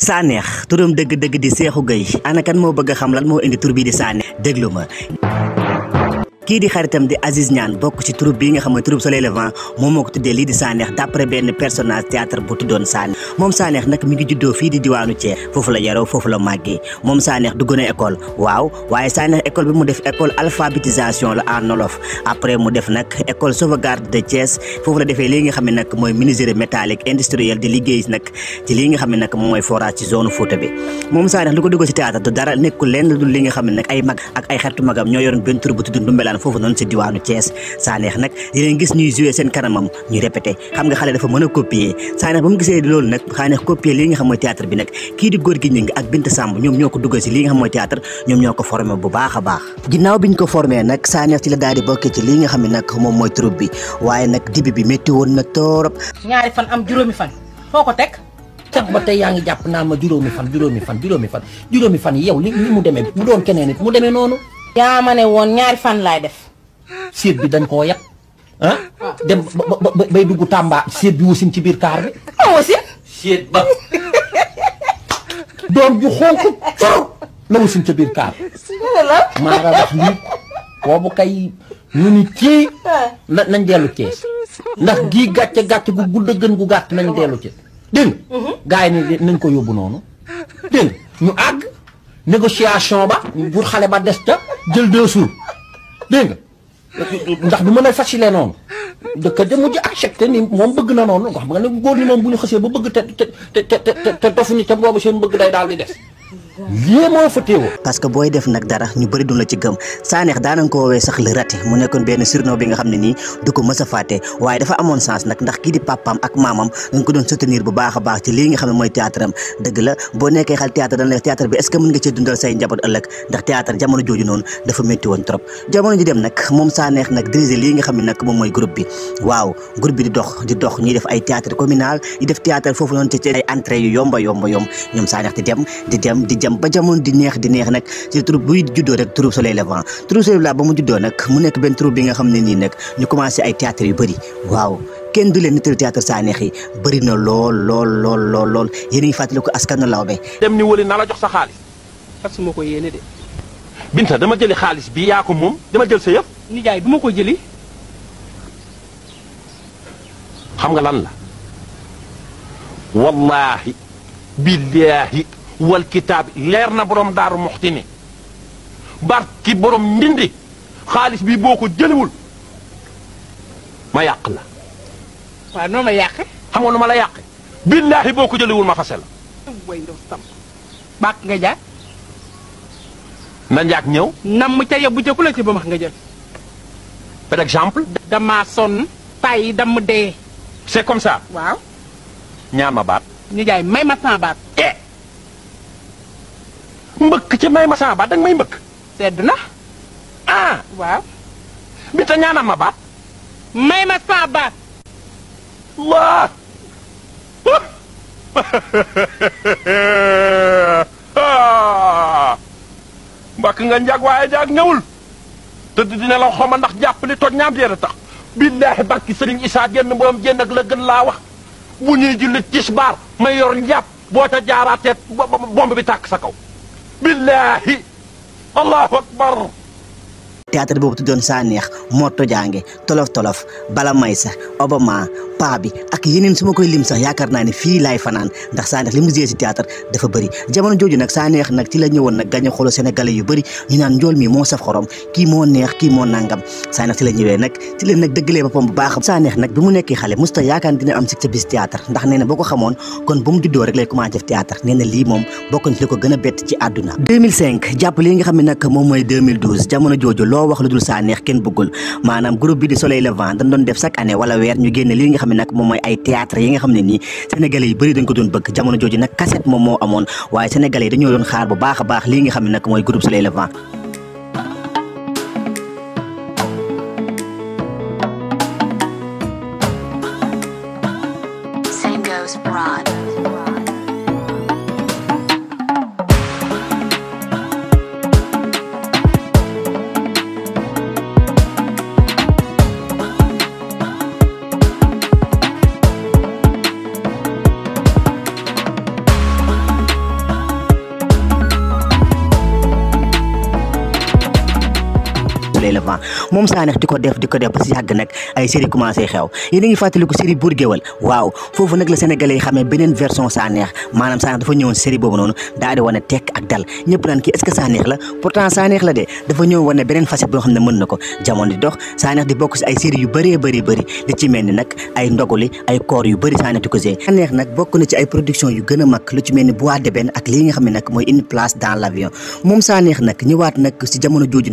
Saneex turam dëgg-dëgg di Seexu Gey ana kan moo bëgg a xam lan moo indi tur bi di Saneex déglu ma ki di xaritam di Aziz Niane bok ci troupe bi nga xam ne troupe Soleil Levant moom ko tuddee lii di Sanekh d'après ben personnage théâtre bu tudon san mom sanex nak mi ngi fi di diwanu Thiès fofu la yaro fofu la màggee mom sanex du gëna école waw waye sanex école bi mu def école alphabétisation la en olof après mu def nak école sauvegarde de Thiès fofu la défé li nga xam nak moy ministère métallique industriel di liggéey nak ci li nga xam nak moy forage ci zone Fouta bi mom sanex lu ko duggo ci théâtre du dara nekul lenn du li nga xam ne ay mag ak ay xertu magam ñoo yoron ben troupe bu tudd foofu noonu si diwaanu Thiès Sanekh nag di leen gis ñuy joué seen kanamam ñu répété xam nga xale dafa mën a copier Sanekh ba mu gisee loolu nag Sanekh copier lii nga xam mooy théâtre ñoom ñoo ko duggal si lii nga xam mooy théâtre ñoom ñoo ko formé bu baax a baax ginnaaw biñ ko formé nag Sanekh ci la daal di ci lii nga xam ne nag moom mooy troupe bi waaye nag dibi bi métti woon na torop ñaari fan am juróomi fan foo ko teg tax ba tey yaa ngi jàpp naa ma juróomi fan juróomi fan juróomi fan juróomi fan yow li li mu demee mu yaa ma ne woon ñaari fan laay def. séet bi dañ koo yab dem ba ba bay dugg Tamba séet bi wasin ci biir kaar bi. ah wasin. séet ba. doom ju xonk coro la wasin ca biir kaar bi. maa nga wax lii boobu kay ñu ni cii ah. na nañ dellu Cees ndax gii gàcce gàcce gu gudd a gën gu gàtt nañ dellu ci dégg nga mhm. gars nañ ko yóbbu noonu dégg ñu àgg négociation ba pour xale ba des ca jël deux jours dégg nga ndax du mën a faciliter noonu dëkk de mujj accepté ni moom bëgg na noonu nga xam nga ne góor ñi moom bu ñu xësee ba bëgg te te te te te dofuñu te boobu seen bëgg day daal di des lii moo fa parce que booy def nag dara ñu bëri du la ci gëm Sanekh daanan ko woowee sax le mu nekkoon benn surnom bi nga xam ne nii du ko mës a fàtte waaye dafa nag di baax a lii nga xam ne mooy théâtre am dëgg la boo nekkee xal théâtre dañ la théâtre bi dem moom lii nga xam ne nag moom mooy groupe bi waaw groupe bi di dox di dox ñuy def ay théâtre communal di def théâtre foofu noonu ci ay entrée yu yomba yomba yomb ñoom Sanekh di dem di dem di dem ba jamono di neex di neex nag ci troupe buy juddoo rek troupe soleil levant troupe soleil levant ba mu juddoo nag mu nekk benn troupe bi nga xam ne nii nag ñu commencé ay théâtre yu bëri waaw kenn du leen nital théâtre Sanekh yi bëri na lool lool lool lool lool yéen a ngi fàttali ko askanu lawbe dem ni wëli naa la jox sa xaalis parce que ma ko yéene de Binta dama jëli xaalis bi yaa moom dama jël sa yëf nijaay du ma ko jëli xam nga lan la wallaahi billaahi wal kitaabi leer na borom daaru moxti ni barki borom ndindi xaalis bi boo ko jëliwul ma yàq la. waaw noo ma yàqe. xam nga nu ma la yàqe. billaahi boo ko jëliwul ma fase la. nga jaar. na njaag ñëw. nam mu ca yóbbu ca ku la ci ba max nga jël. par exemple. damaa sonn. tay dam dee. c'est comme ça. waaw. ñaan ma baat. ñu jaay may ma sans baat. Eh! ci may ma sama baat danga may mbeuk sedd na ah waaw bi ta ñaanam ma baat may ma sama baat laa mbak nga njag waye jaag ñewul te di dina la xoma ndax japp li toj ñam jere tax billahi barki serigne isa genn boom genn ak la gën la wax bu ñuy julli tisbar may yor njàpp boo ca jaaraatee bomb bi tak sa kaw billaahi allahu akbar théâtre boobu tuddoon saa neex moo tojaange tolof tolof bala may sa obama paa ak yeneen su ma koy lim sax yaakaar naa ne fii laay fanaan ndax Sanekh li mu jiyee si théâtre dafa bëri a a loo wax lu dul Sanekh kenn bëggul maanaam groupe bi di Soleil Levant dañ def chaque année wala weer ñu génne lii nga xam ay théâtre yi nga sénégalais yi dañ ko doon bëgg jamono cassette sénégalais doon xaar bu baax nga groupe Soleil Levant Same goes broad. l'élevant moom Sanekh di ko def di ko def ba si yàgg nag ay série commencé xew yéen a ngi fàttaliku série waaw foofu nag la sénégalais yi beneen version Sanekh maanaam Sanekh dafa ñëw wane di bokk si ay série yu bëree bëri bëri li ci mel nag ay ndoguli ay koor yu bëri Sanekh di ko see Sanekh nag bokk na ci ay production yu gën mag lu ci mel ni Bois de ak lii nga xam nag mooy une place dans l'avion moom Sanekh nag ñëwaat nag si jamono jooju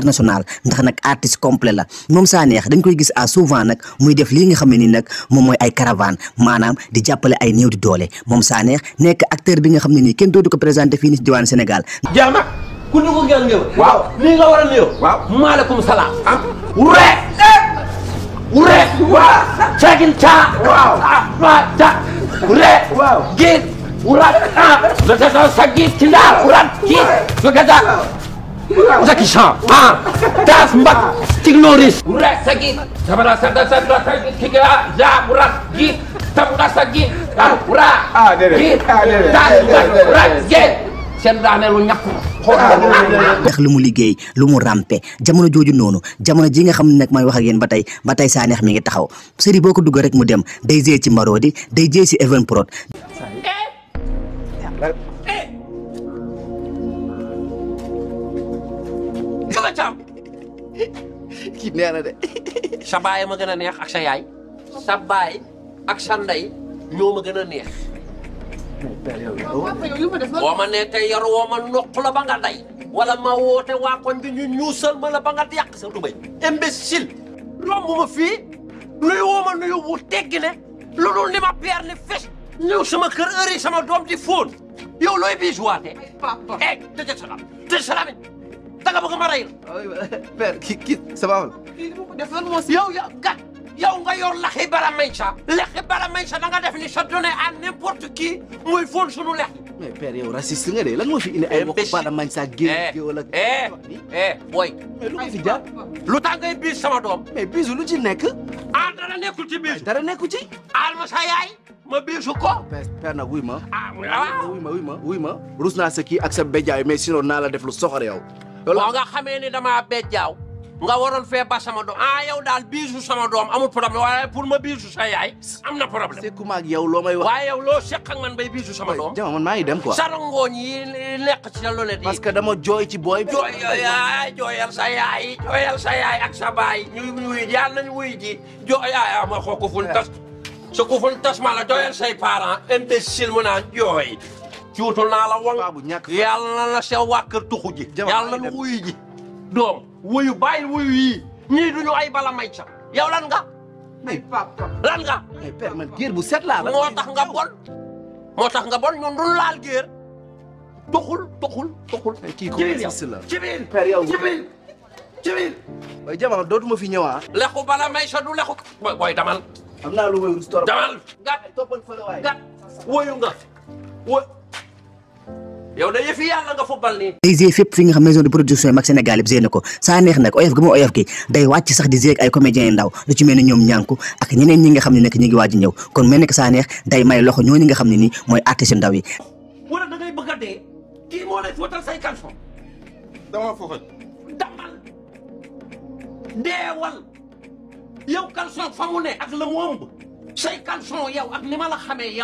international ndax nag artiste complet la moom Sanekh dañ koy gis à souvent nag muy def lii nga xam ne nii nag moom mooy ay caravane maanaam di jàppale ay néew di doole moom Sanekh nekk acteur bi nga xam ne nii kenn doodu présenté fii ni ci diwaan Sénégal jeex na ku ñu ko gën a salaam ah. wure wure waaw cagin ca waaw ah ca wure waaw giir wurat ah la tata sa giir ci ndaar wurat giir su gata Zaki sha. Ah, das mbak tignoris. murah sagi. Sabara sada sada sagi kiga ya murat gi. Tabura sagi. Ah, murat. Ah, dere. Gi. Das mbak murat gi. seen daane lu ñak ndax lu mu liggéey lu mu rampe jamono jooju noonu jamono ji nga xam ne nag may wax ak yéen ba tey ba tey mi ngi taxaw série boo dugg rek mu dem day jee ci marodi day jee ci even prod eh? kii nee de. sa baay ma gëna neex ak sa yaay. sa baay ak sa nday ñoo ma gën neex. boo ma nee tey yar woo ma noq la ba nga day. wala ma wote wa koñ bi ñu ñuusal ma la ba nga yàq sa dubay. imbécile. romb ma fii. nuyu ma nuyu wu teggine. ne. lu dul ma père ni fes. ñëw sama kër heure sama dom di fóon. yow loy bi waate. papa eh dëjë salaam dëjë salaam danga bëgg ma rey la. père kii kii ça va woon. yow ya gat yow nga yor laxi bara mencha. laxi bara mencha da def ni sa donné à n'importe qui muy fóon sunu lex. mais père yow raciste nga de lan moo fi indi ay mbokk bara mencha géew eh, géew la. eh eh booy. lu ko fi jaar. lu tax ngay biis sama doom. mais biisu lu ci nekk. ah dara nekkul ci biisu. Ah, dara nekkul ci. alma sa yaay. ma biisu ko. Ah, père nag ah, wuy ma. wuy ma wuy ma wuy naa sa kii ak sa béjaay mais sinon naa la def lu soxor yow. boo nga xamee ni damaa bejjaaw nga waroon fee ba sama doom ah yow daal biisu sama doom amul problème waaye pour ma biisu sa yaay am na problème. sekkuma ak yow loo may wax. waaye yow loo seq ak man bay biisu sa doom. jama man maa ngi dem ko sarangooñ yi nekk ci parce que dama jooy ci booy. jooy yaay jooyal sa yaay jooyal sa yaay ak sa baay ñu wuy yàlla nañu wuy ji jooy yaay ma xoo ko ful tas. Eh. su ko ful jooyal say parents imbécile mu naan jooy. cuutu naa la wang yàlla na la sa waa kër tuxu ji yàlla na wuyu ji doom wuyu bàyyi wuyu yii ñii duñu ay bala may ca lan nga mais papa lan nga mais père man bu set laa moo tax nga bon moo tax ga bon ñun duñ laal géer tuxul tuxul tuxul kii ci la ci biir père yow ci biir ci biir fi ñëwaa lexu bala may sa du lexu booy damal lu damal gat toppal fa nga wo yow da yëfi yàlla nga football nii day gérer fi nga xam maison de production yi mag Sénégal yëpp gérer ko saa neex nag oyof gi ma oyof gi day wàcc sax di gérer ay comédiens yi ndaw lu ci mel ne ñoom ñànku ak ñeneen ñi nga xam ne nekk ñu ngi waaj ñëw kon mel nekk saa neex may loxo ñooñu nga xam ne nii mooy artiste ndaw yi wala da ngay dee kii moo lay fóotal say caleçon damal deewal yow caleçon fa ne ak la mu say caleçon yow ak ni ma la xamee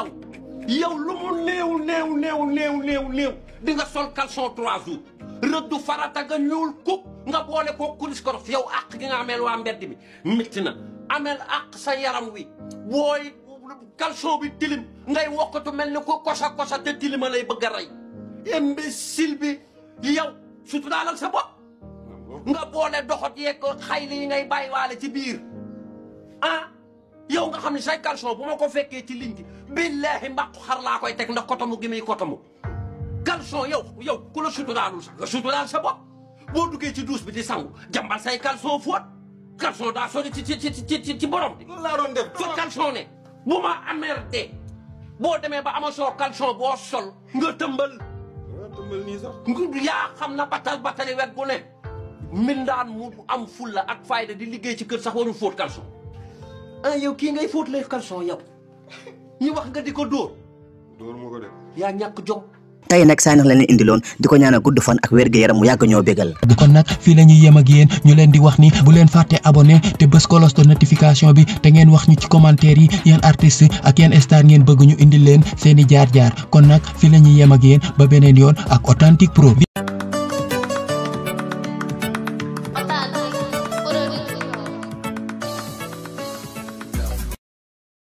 yow lu mu néew néew néew néew néew néew di nga sol caleçon trois jours rëddu farata nga ñuul kub nga boole koo kulis korof yow àq gi nga ameel waa mbedd mi métti ameel àq sa yaram wi booy caleçon bi tilim ngay wokkatu mel ni ko kosa kosa te tilima lay bëgg a rey imbécile bi daalal sa bopp nga boole doxot yeeg xayli yi ngay bàyyiwaale ci biir xam ne say caleçon bu ma ko fekkee ci ligne bi billaahi mbàqu xar laa koy teg ndax kotamu gi muy kotamu caleçon yow yow ku la suturaalul sax nga suturaal sa bopp boo duggee ci douche bi di sangu jàmbal say caleçon fóot caleçon daa sori ci ci ci ci borom bi. loolu laa doon def fa caleçon ne bu ma amerde boo demee ba amasoo caleçon boo sol nga tëmbal. nga tëmbal nii sax. yaa xam na batal batali wet bu ne. mbindaan mu am fulla ak fayda di liggéey ci kër sax warul fóot caleçon. ayo ah, ki ngay fóot lay caleçon kan yow ñu wax nga di ko dóor moko def ya ñak jom tay nak saa nak la leen indiloon di ko ñaanal gudd fan ak wér yaram mu yag ñoo bégal kon nak fi lañu yema ak ñu leen di wax ni bu leen faté abonné té bëss kolos de notification bi té ngeen wax ñu ci commentaire yi yeen artiste ak yeen star ngeen bëgg ñu indi leen seeni jaar jaar kon nak fi lañu yema ak ba benen yoon ak authentique pro